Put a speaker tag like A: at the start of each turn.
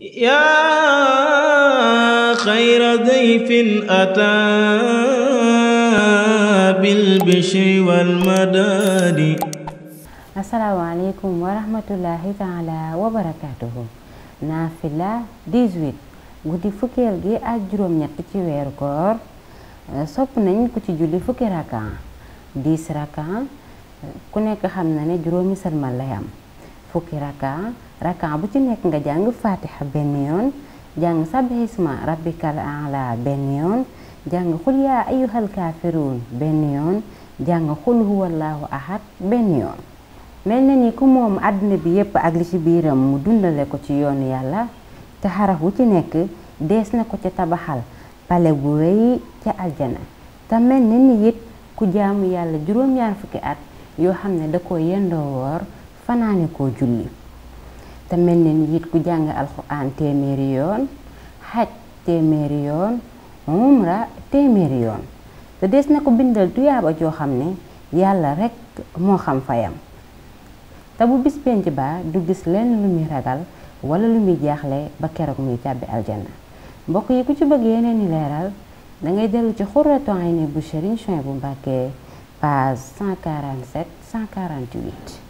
A: yaa xayra dayfin ataa bil bishri wal madaadi
B: asalaamaaleykum wa rahmatullahi taala wa barakaatuhu naafila 18 guddi fukkeel gi ak juróom-ñett ci weeru koor sopp nañ ku ci julli fukki rakan 10 rakan ku nekk xam na ne juróomi salmal lay am fukki raka raka bu ci nekk nga jàng fatiha benn yoon jàng sabbi isma rabbikal a'la benn yoon jàng xul yaa ayyuhal kaafiruun benn yoon jàng xul huwallaahu ahad benn yoon mel na ni ku moom àddina bi yépp ak li ci biiram mu dundale ko ci yoon yàlla te xaraf wu ci nekk dees na ko ca tabaxal pale bu rëy ca aljana te mel na ni it ku jaamu yàlla juróom-ñaar fukki at yoo xam ne da ko yendoo woor fanaane ko julli te mel ne ni ku jàng alxuraan téeméeri yoon xaj téeméeri yoon umra téeméeri yoon te des na ko bindal tuyaaba joo xam ne yàlla rekk moo xam fayam te bu bis penc ba du gis lenn lu muy ragal wala lu muy jaaxle ba keroog muy tàbbi aljanna mbokk yi ku ci bëgg yeneen i leeral dangay dellu ci xurratu ayni bu Serigne Souhaïbou bu Mbàkke page 147